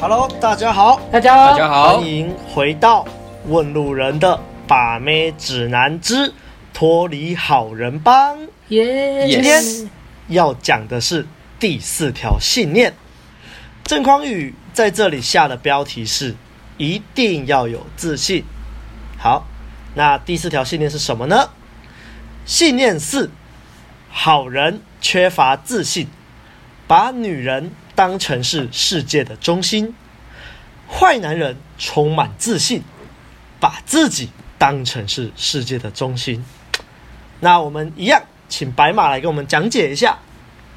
Hello，大家好，大家大家好，歡迎回到《問路人》的把妹指南之脫離好人幫，yes。今天要講的是第四條信念。鄭匡宇在這裡下的標題是“一定要有自信”。好，那第四條信念是什麼呢？信念四：好人缺乏自信，把女人，當成是世界的中心，壞男人充滿自信，把自己當成是世界的中心。那我們一樣，請白馬來給我們講解一下。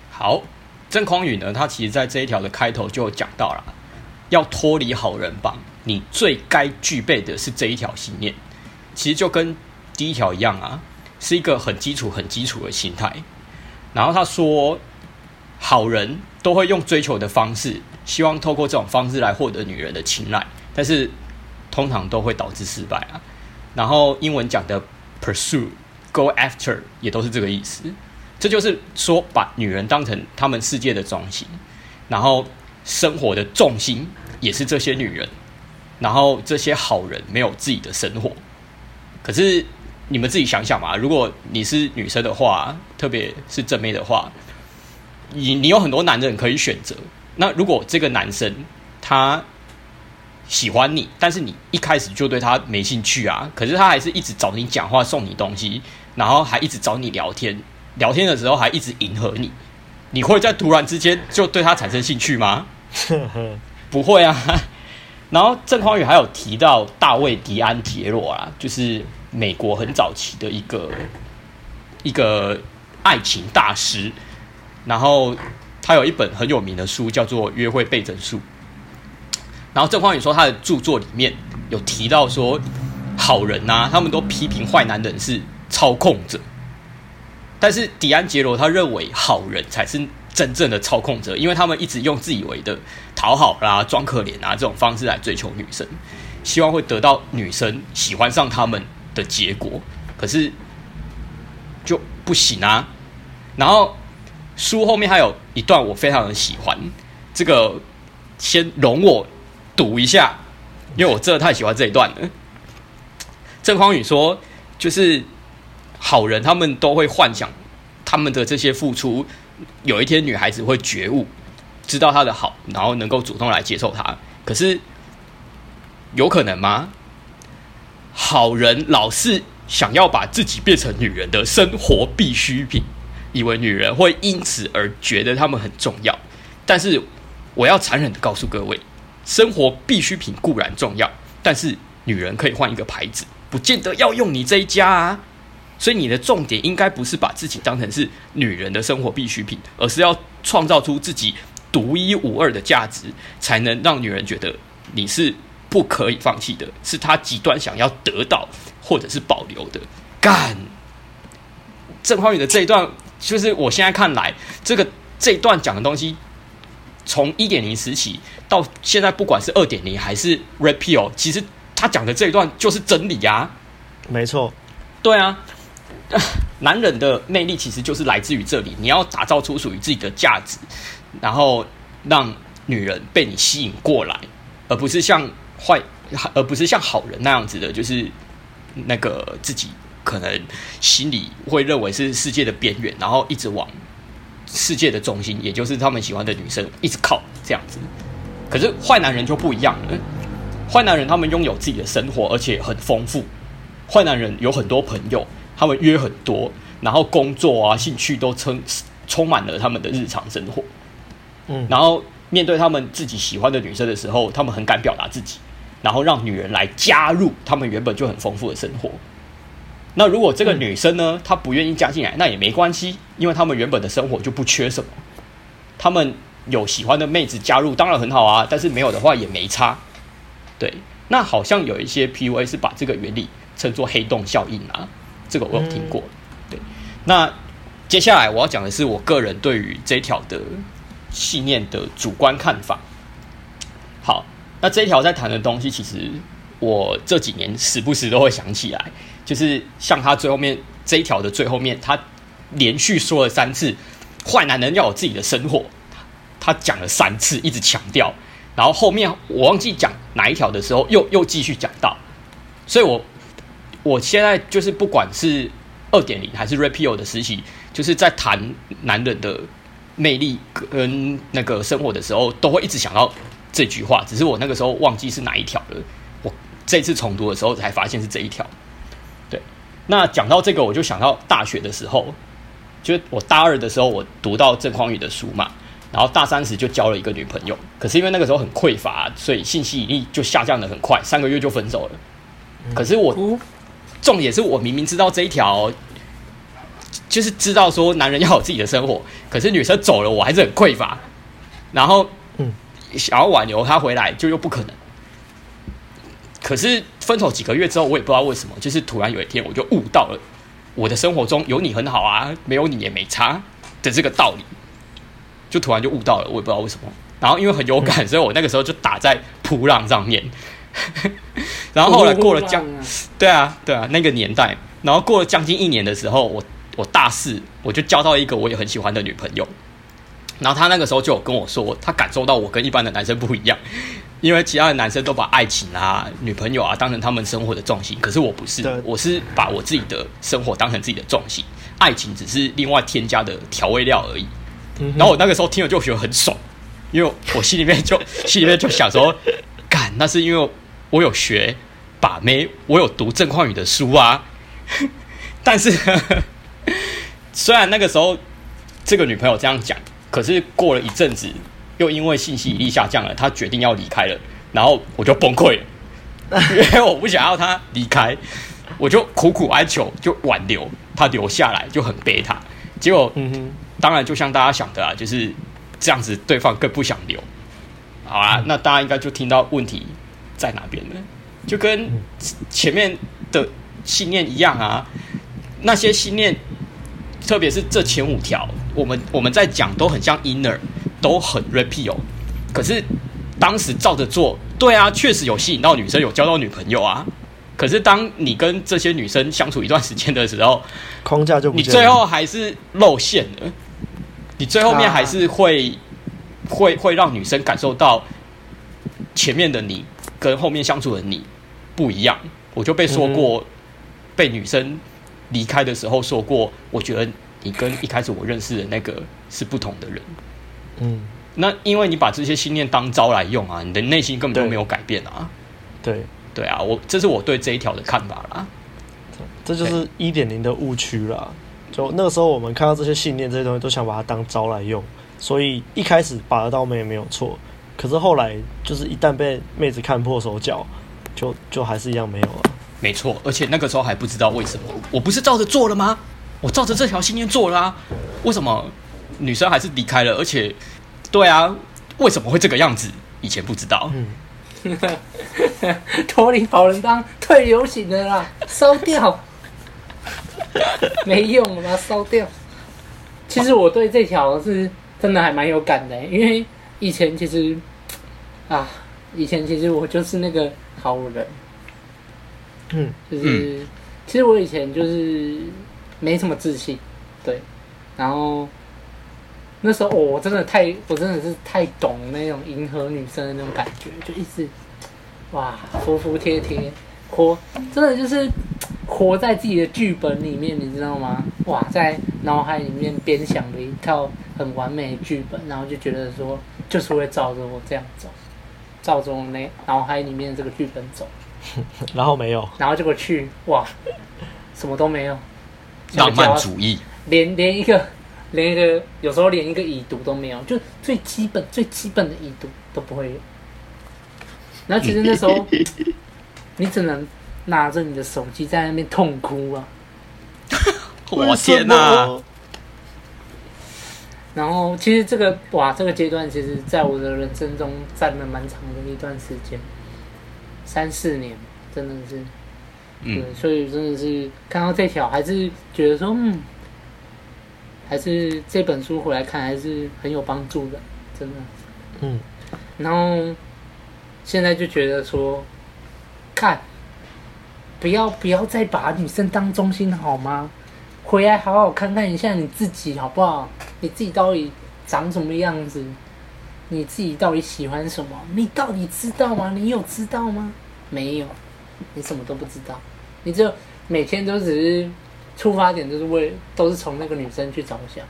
好，曾匡宇呢，他其實在這一條的開頭就講到了，要脫離好人幫，你最該具備的是這一條信念。其實就跟第一條一樣啊，是一個很基礎、很基礎的心態。然後他說，好人。都會用追求的方式，希望透過這種方式來獲得女人的青睞，但是通常都會導致失敗啊。然後英文講的 pursue、go after 也都是這個意思。這就是說，把女人當成他們世界的中心，然後生活的重心也是這些女人。然後這些好人沒有自己的生活。可是你們自己想想嘛，如果你是女生的話，特別是正妹的話。你你有很多男人可以選擇。那如果這個男生他喜歡你，但是你一開始就對他沒興趣啊，可是他還是一直找你講話、送你東西，然後還一直找你聊天，聊天的時候還一直迎合你，你會在突然之間就對他產生興趣嗎？ 不會啊。然後鄭匡宇還有提到大衛·迪安·傑洛啊，就是美國很早期的一個一個愛情大師。然後他有一本很有名的書，叫做《約會倍增術》。然後正方宇說，他的著作裡面有提到說，好人啊，他們都批評壞男人是操控者，但是迪安杰羅他認為好人才是真正的操控者，因為他們一直用自以為的討好啦、啊、裝可憐啊這種方式來追求女生，希望會得到女生喜歡上他們的結果，可是就不行啊。然後書後面還有一段我非常的喜歡，這個先容我讀一下，因為我真的太喜歡這一段了。鄭匡宇說，就是好人他們都會幻想他們的這些付出，有一天女孩子會覺悟，知道他的好，然後能夠主動來接受他。可是有可能嗎？好人老是想要把自己變成女人的生活必需品。以為女人會因此而覺得他們很重要，但是我要殘忍的告訴各位，生活必需品固然重要，但是女人可以換一個牌子，不見得要用你這一家啊。所以你的重點應該不是把自己當成是女人的生活必需品，而是要創造出自己獨一無二的價值，才能讓女人覺得你是不可以放棄的，是她極端想要得到或者是保留的。幹，鄭匡宇的這一段。就是我現在看來，這個這一段講的東西，從一點零時起到現在，不管是二點零還是 Red Pill，其實他講的這一段就是真理啊。沒錯，對啊，男人的魅力其實就是來自於這裡。你要打造出屬於自己的價值，然後讓女人被你吸引過來，而不是像壞，而不是像好人那樣子的，就是那個自己。可能心裡會認為是世界的邊緣，然後一直往世界的中心，也就是他們喜歡的女生一直靠這樣子。可是壞男人就不一樣了，壞男人他們擁有自己的生活，而且很豐富。壞男人有很多朋友，他們約很多，然後工作啊、興趣都充充滿了他們的日常生活。嗯，然後面對他們自己喜歡的女生的時候，他們很敢表達自己，然後讓女人來加入他們原本就很豐富的生活。那如果這個女生呢，嗯、她不願意加進來，那也沒關係，因為他們原本的生活就不缺什麼。他們有喜歡的妹子加入，當然很好啊。但是沒有的話，也沒差。對，那好像有一些 PUA 是把這個原理稱作黑洞效應啊，這個我有聽過。嗯、對，那接下來我要講的是我個人對於這一條的信念的主觀看法。好，那這一條在談的東西，其實我這幾年時不時都會想起來。就是像他最後面這一條的最後面，他連續說了三次“壞男人要有自己的生活”，他講了三次，一直強調。然後後面我忘記講哪一條的時候，又又繼續講到。所以我我現在就是不管是二點零還是 r e p e l 的時期，就是在談男人的魅力跟那個生活的時候，都會一直想到這句話。只是我那個時候忘記是哪一條了。我這次重讀的時候才發現是這一條。那講到這個，我就想到大學的時候，就我大二的時候，我讀到鄭匡宇的書嘛，然後大三時就交了一個女朋友，可是因為那個時候很匱乏，所以信息引力就下降得很快，三個月就分手了。可是我重點是，我明明知道這一條，就是知道說男人要有自己的生活，可是女生走了，我還是很匱乏，然後嗯，想要挽留她回來，就又不可能。可是分手幾個月之後，我也不知道為什麼，就是突然有一天我就悟到了，我的生活中有你很好啊，沒有你也沒差的這個道理，就突然就悟到了，我也不知道為什麼。然後因為很有感，所以我那個時候就打在噗浪上面。然後後來過了將，對啊對啊那個年代，然後過了將近一年的時候，我我大四，我就交到一個我也很喜歡的女朋友，然後她那個時候就有跟我說，她感受到我跟一般的男生不一樣。因為其他的男生都把愛情啊、女朋友啊當成他們生活的重心，可是我不是，我是把我自己的生活當成自己的重心，愛情只是另外添加的調味料而已。嗯、然後我那個時候聽了就覺得很爽，因為我心裡面就 心裡面就想說，幹，那是因為我有學把妹，我有讀鄭匡宇的書啊。但是呵呵雖然那個時候這個女朋友這樣講，可是過了一陣子。又因為信息引力下降了，他決定要離開了，然後我就崩潰了，因為我不想要他離開，我就苦苦哀求，就挽留他留下來，就很悲慘。結果、嗯哼，當然就像大家想的啊，就是這樣子，對方更不想留。好啊、嗯，那大家應該就聽到問題在哪邊了，就跟前面的信念一樣啊，那些信念，特別是這前五條，我們我們在講都很像 inner。都很 r 銳屁哦，可是當時照着做，對啊，確實有吸引到女生，有交到女朋友啊。可是當你跟這些女生相處一段時間的時候，框架就不你最後還是露餡了，你最後面還是會、啊、會會讓女生感受到前面的你跟後面相處的你不一樣。我就被說過，嗯、被女生離開的時候說過，我覺得你跟一開始我認識的那個是不同的人。嗯，那因為你把這些信念當招來用啊，你的內心根本就沒有改變啊。對，對，對啊，我這是我對這一條的看法啦。這就是一點零的誤區啦。就那個時候，我們看到這些信念這些東西，都想把它當招來用，所以一開始把得到妹也沒有錯。可是後來，就是一旦被妹子看破手腳，就就還是一樣沒有了啊。沒錯，而且那個時候還不知道為什麼，我不是照着做了嗎？我照着這條信念做了啊，為什麼？女生還是離開了，而且，對啊，為什麼會這個樣子？以前不知道。嗯，脫 離好人幫退流行的啦，燒掉。 沒用，我把它燒掉。其實我對這條是真的還蠻有感的。欸，因為以前其實啊，以前其實我就是那個好人，嗯，就是、嗯、其實我以前就是沒什麼自信，對，然後。那時候，哦，我真的太，我真的是太懂那種迎合女生的那種感覺，就一直，哇，服服帖帖，活，真的就是活在自己的劇本裡面，你知道嗎？哇，在腦海裡面編想了一套很完美的劇本，然後就覺得說就是會照着我這樣走，照着我那腦海裡面這個劇本走， 然後沒有，然後結果去哇，什麼都沒有，浪漫主義，連連一個。連一個有時候連一個已讀都沒有，就最基本最基本的已讀都不會有。然後其實那時候， 你只能拿着你的手機在那邊痛哭啊！我 天哪、啊！然後其實這個哇，這個階段其實，在我的人生中占了蠻長的一段時間，三四年，真的是。嗯。所以真的是看到這條，還是覺得說嗯。還是這本書回來看還是很有幫助的，真的。嗯，然後現在就覺得說，看，不要不要再把女生當中心好嗎？回來好好看看一下你自己好不好？你自己到底長什麼樣子？你自己到底喜歡什麼？你到底知道嗎？你有知道嗎？沒有，你什麼都不知道，你就每天都只是。出發點就是為，都是從那個女生去着想，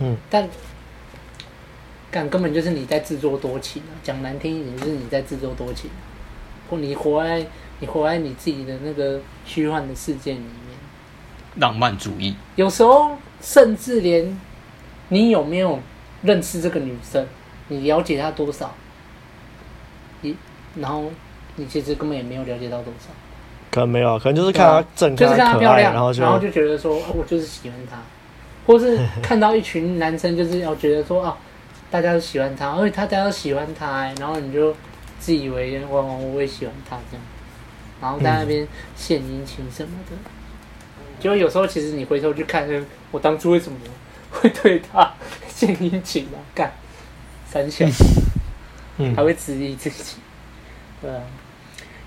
嗯，但，感根本就是你在自作多情啊！講難聽一點，就是你在自作多情啊，或你活在你活在你自己的那個虛幻的世界裡面，浪漫主義。有時候，甚至連你有沒有認識這個女生，你了解她多少？你然後你其實根本也沒有了解到多少。可能沒有，可能就是看他正、啊、就是看他漂亮然，然後就覺得說，哦、我就是喜歡她，或是看到一群男生就是要覺得說 啊，大家都喜歡她，而且他大家都喜歡她、欸，然後你就自以為我我也喜歡她這樣，然後在那邊獻殷勤什麼的、嗯，就有時候其實你回頭去看，我當初為什麼會對他獻殷勤啊？幹，三小、嗯，還會質疑自己，對啊。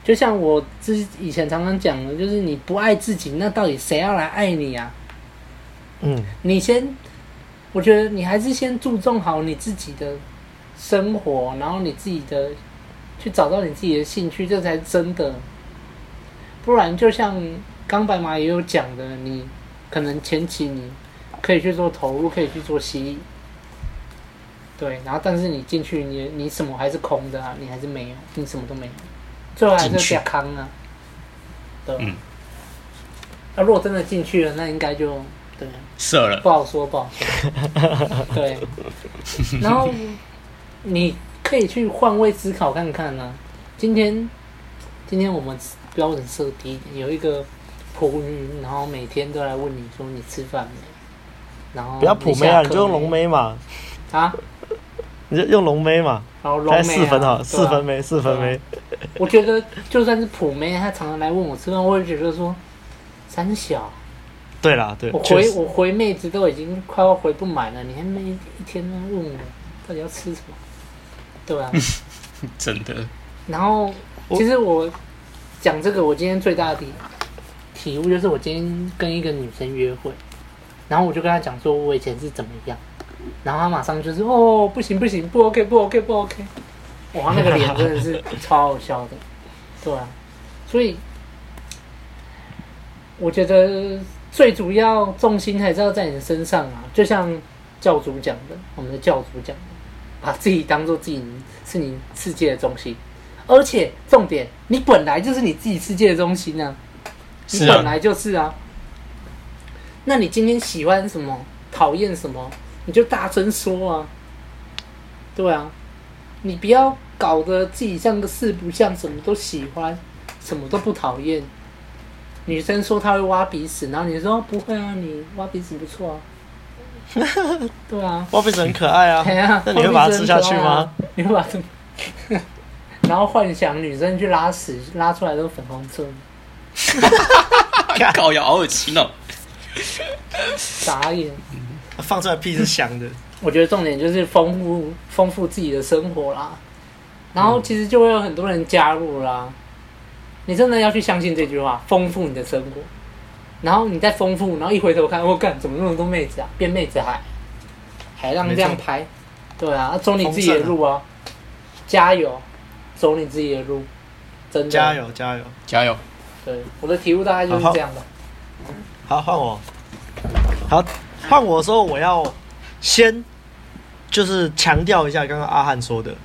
就像我之以前常常講的，就是你不愛自己，那到底誰要來愛你啊？嗯，你先，我覺得你還是先注重好你自己的生活，然後你自己的去找到你自己的興趣，這才是真的。不然，就像剛白馬也有講的，你可能前期你可以去做投入，可以去做吸引，對，然後但是你進去你，你你什麼還是空的啊？你還是沒有，你什麼都沒有。最後還是得扛啊，對那、啊、如果真的進去了，那應該就對，射了，不好說，不好說。對，然後你可以去換位思考看看啊。今天，今天我們標準設定有一個普妹，然後每天都來問你說你吃飯沒？然後不要普妹啊，你就用恐龍妹嘛啊。你就用龍妹嘛，來、哦啊、四分哈、啊，四分妹，啊、四分妹。啊、 我覺得就算是普妹，她常常來問我吃飯，我也覺得說，三小。對啦，對。我回我回妹子都已經快要回不滿了，你還沒一天問我到底要吃什麼？對吧、啊？ 真的。然後，其實我講這個，我今天最大的體悟就是，我今天跟一個女生約會，然後我就跟她講說我以前是怎麼樣。然後他馬上就說、是：“哦，不行不行，不 OK 不 OK 不 OK，不 OK 哇，那個臉真的是超好笑的，對啊，所以我覺得最主要重心還是要在你的身上啊。就像教主講的，我們的教主講的，把自己當做自己是你世界的中心，而且重點，你本來就是你自己世界的中心啊，你本來就是啊。是啊。那你今天喜歡什麼？討厭什麼？”你就大聲說啊！對啊，你不要搞得自己像個四不像，什麼都喜歡，什麼都不討厭。女生說她會挖鼻屎，然後你說不會啊，你挖鼻屎不錯啊。對啊，挖鼻屎很可愛啊。啊你會把它吃下去嗎？你會把它，然後幻想女生去拉屎，拉出來都是粉紅色。搞搖爾奇呢？傻眼。放出來屁是香的。 我覺得重點就是豐富豐富自己的生活啦，然後其實就會有很多人加入啦。嗯、你真的要去相信這句話，豐富你的生活，然後你再豐富，然後一回頭看，我、喔、幹，怎麼那麼多妹子啊？變妹子海，還讓你這樣拍？對啊，走你自己的路啊！啊加油，走你自己的路，真的加油加油加油！對，我的題目大概就是這樣的。好，好，換我。好。換我的時候，我要先就是強調一下剛剛阿漢說的，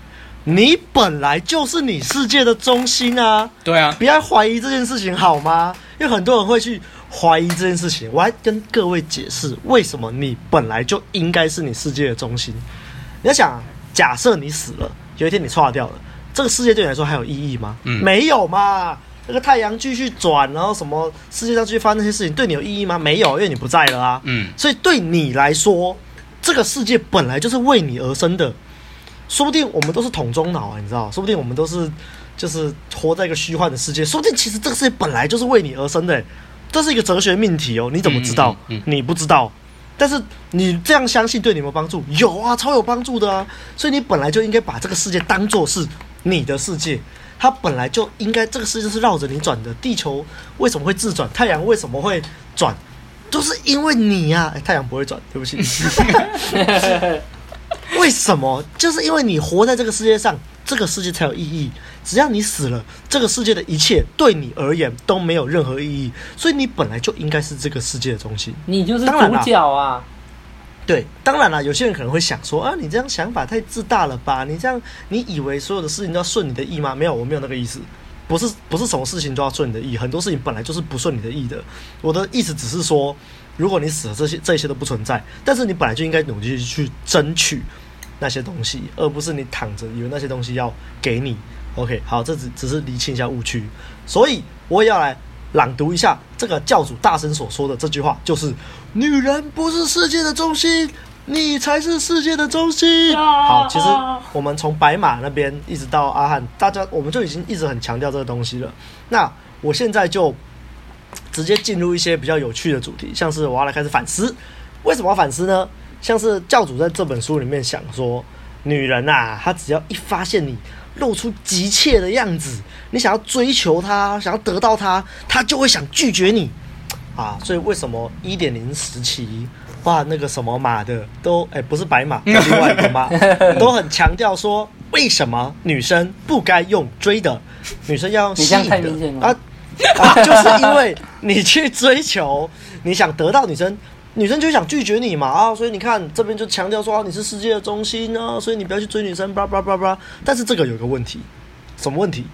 你本來就是你世界的中心啊！對啊，不要懷疑這件事情好嗎？因為很多人會去懷疑這件事情，我還跟各位解釋為什麼你本來就應該是你世界的中心。你要想，假設你死了，有一天你掛掉了，這個世界對你來說還有意義嗎？嗯，沒有嘛。那個太陽繼續轉，然後什麼世界上繼續發生那些事情，對你有意義嗎？沒有，因為你不在了啊、嗯。所以對你來說，這個世界本來就是為你而生的。說不定我們都是桶中腦啊、欸，你知道？說不定我們都是就是活在一個虛幻的世界。說不定其實這個世界本來就是為你而生的、欸，這是一個哲學命題哦、喔。你怎麼知道嗯嗯嗯嗯嗯？你不知道。但是你這樣相信對你有沒有幫助？有啊，超有幫助的啊。所以你本來就應該把這個世界當做是你的世界。它本來就應該，這個世界是繞着你轉的。地球為什麼會自轉？太陽為什麼會轉？都、就是因為你呀、啊欸！太陽不會轉，對不起。 為什麼？就是因為你活在這個世界上，這個世界才有意義。只要你死了，這個世界的一切對你而言都沒有任何意義。所以你本來就應該是這個世界的中心，你就是主角啊。對，當然了，有些人可能會想說啊，你這樣想法太自大了吧？你這樣，你以為所有的事情都要順你的意嗎？沒有，我沒有那個意思，不是，不是什麼事情都要順你的意，很多事情本來就是不順你的意的。我的意思只是說，如果你死了，這些，這些都不存在。但是你本來就應該努力去爭取那些東西，而不是你躺着，以為那些東西要給你。OK，好，這只只是釐清一下誤區。所以我要來朗讀一下這個教主大神所說的這句話，就是。女人不是世界的中心，你才是世界的中心。好，其實我們從白馬那邊一直到阿漢，大家我們就已經一直很強調這個東西了。那我現在就直接進入一些比較有趣的主題，像是我要來開始反思，為什麼要反思呢？像是教主在這本書裡面想說，女人啊，她只要一發現你露出急切的樣子，你想要追求她，想要得到她，她就會想拒絕你。啊，所以為什麼一點零時期，哇，那個什麼馬的都哎、欸，不是白馬，另外一個馬， 都很強調說為什麼女生不該用追的，女生要用吸引的啊，啊，就是因為你去追求，你想得到女生，女生就想拒絕你嘛啊，所以你看這邊就強調說、啊、你是世界的中心哦、啊，所以你不要去追女生，叭叭叭叭。但是這個有個問題，什麼問題？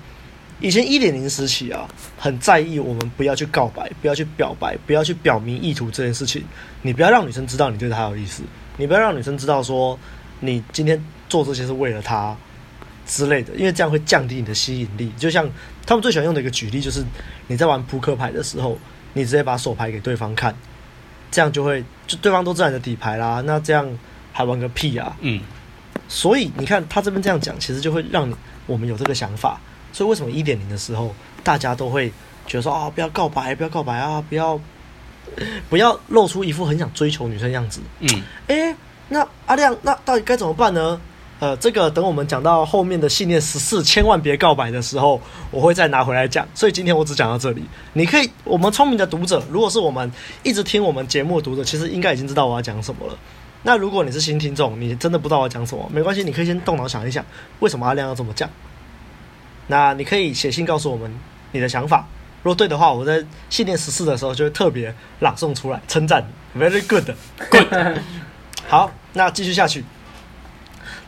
以前一點零時期啊，很在意我們不要去告白，不要去表白，不要去表明意圖這件事情。你不要讓女生知道你對她有意思，你不要讓女生知道說你今天做這些是為了她之類的，因為這樣會降低你的吸引力。就像他們最喜歡用的一個舉例，就是你在玩撲克牌的時候，你直接把手牌給對方看，這樣就會就對方都知道你的底牌啦。那這樣還玩個屁啊！嗯，所以你看他這邊這樣講，其實就會讓你我們有這個想法。所以為什麼一點零的時候，大家都會覺得說啊，不要告白，不要告白啊，不要，不要露出一副很想追求女生的樣子。嗯，哎、欸，那阿亮，那到底該怎麼辦呢？呃，這個等我們講到後面的信念十四，千萬別告白的時候，我會再拿回來講。所以今天我只講到這裡。你可以，我們聰明的讀者，如果是我們一直聽我們節目讀者，其實應該已經知道我要講什麼了。那如果你是新聽眾，你真的不知道我講什麼，沒關係，你可以先動腦想一想，為什麼阿亮要這麼講。那你可以寫信告訴我們你的想法，如果對的話，我在信念十四的時候就會特別朗誦出來，稱讚。Very good，good good。 好，那繼續下去。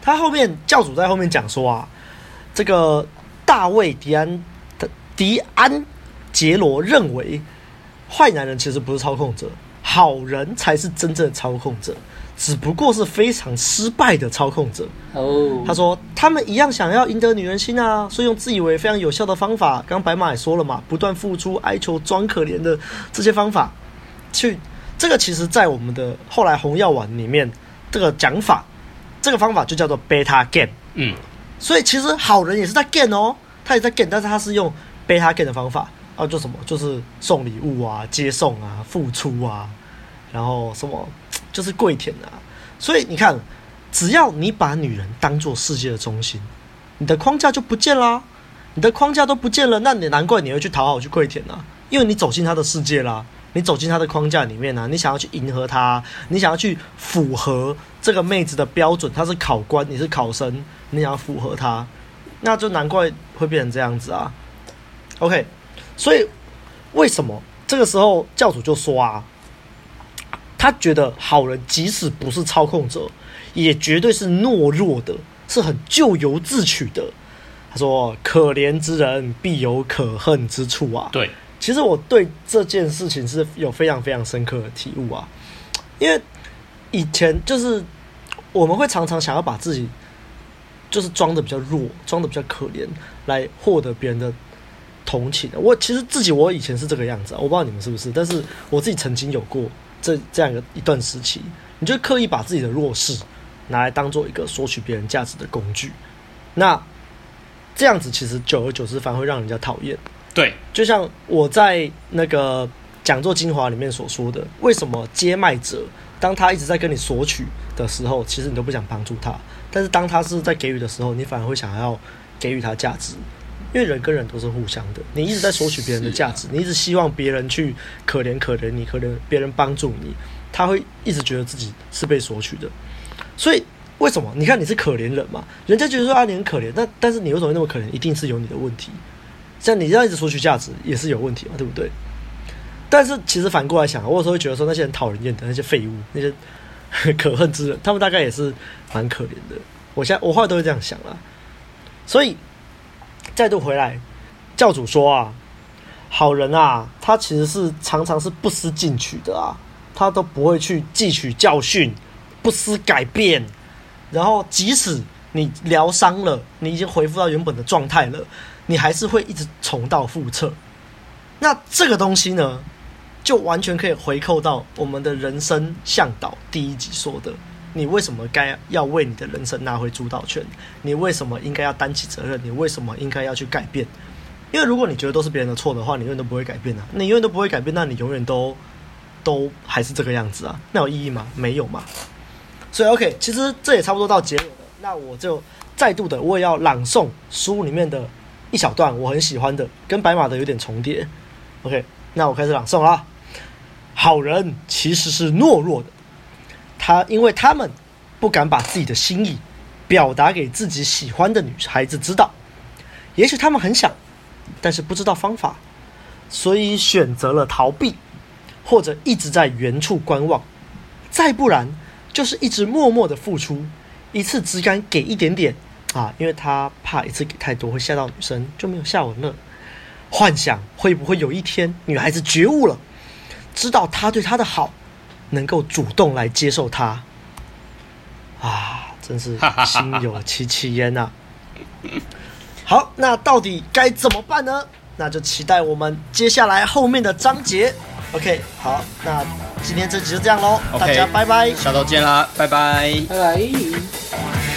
他後面教主在後面講說啊，這個大衛·迪安·迪安傑羅認為，壞男人其實不是操控者。好人才是真正的操控者，只不過是非常失敗的操控者哦。Oh. 他說，他們一樣想要贏得女人心啊，所以用自以為非常有效的方法。剛白馬也說了嘛，不斷付出、哀求、裝可憐的這些方法，去這個其實在我們的後來紅藥丸裡面，這個講法，這個方法就叫做貝塔 game。嗯，所以其實好人也是在 game 哦，他也在 game，但是他是用貝塔 game 的方法。要、啊、做什麼？就是送禮物啊，接送啊，付出啊，然後什麼就是跪舔啊。所以你看，只要你把女人當做世界的中心，你的框架就不見了、啊。你的框架都不見了，那你難怪你要去討好，去跪舔了、啊。因為你走進她的世界啦，你走進她的框架裡面啦，你想要去迎合她，你想要去符合這個妹子的標準。她是考官，你是考生，你想要符合她，那就難怪會變成這樣子啊。OK。所以，為什麼這個時候教主就說啊，他覺得好人即使不是操控者，也絕對是懦弱的，是很咎由自取的。他說：“可憐之人必有可恨之處啊！”對，其實我對這件事情是有非常非常深刻的體悟啊，因為以前就是我們會常常想要把自己就是裝得比較弱，裝得比較可憐，來獲得別人的。同情的，我其實自己我以前是這個樣子啊，我不知道你們是不是，但是我自己曾經有過這這樣一個一段時期，你就刻意把自己的弱勢拿來當做一個索取別人價值的工具，那這樣子其實久而久之反而會讓人家討厭。對，就像我在那個講座精華裡面所說的，為什麼街賣者當他一直在跟你索取的時候，其實你都不想幫助他，但是當他是在給予的時候，你反而會想要給予他價值。因為人跟人都是互相的，你一直在索取別人的價值，你一直希望別人去可憐可憐你，可憐別人幫助你，他會一直覺得自己是被索取的。所以為什麼？你看你是可憐人嘛，人家覺得說啊，你很可憐，那但，但是你為什麼那麼可憐？一定是有你的問題。像你這樣一直索取價值，也是有問題嘛，對不對？但是其實反過來想，我有時候會覺得說那些很討人厭的那些廢物、那些可恨之人，他們大概也是蠻可憐的。我現在我後來都會這樣想啦。所以。再度回來，教主說啊，好人啊，他其實是常常是不思進取的啊，他都不會去汲取教訓，不思改變，然後即使你療傷了，你已經恢復到原本的狀態了，你還是會一直重蹈覆轍。那這個東西呢，就完全可以回扣到我們的人生向導第一集說的。你為什麼該要為你的人生拿回主導權？你為什麼應該要擔起責任？你為什麼應該要去改變？因為如果你覺得都是別人的錯的話，你永遠都不會改變的啊。你永遠都不會改變，那你永遠都都還是這個樣子啊。那有意義嗎？沒有嘛。所以 OK，其實這也差不多到結尾了。那我就再度的，我也要朗誦書裡面的一小段，我很喜歡的，跟白馬的有點重疊。OK，那我開始朗誦啦。好人其實是懦弱的。他因為他們不敢把自己的心意表達給自己喜歡的女孩子知道，也許他們很想，但是不知道方法，所以選擇了逃避，或者一直在原處觀望，再不然就是一直默默的付出，一次只敢給一點點啊，因為他怕一次給太多會嚇到女生，就沒有下文了。幻想會不會有一天女孩子覺悟了，知道他對她的好。能夠主動來接受他，啊，真是心有戚戚焉啊。 好，那到底該怎麼辦呢？那就期待我們接下來後面的章節。OK，好，那今天這集就這樣咯。Okay, 大家拜拜，下週見啦，拜拜，拜拜。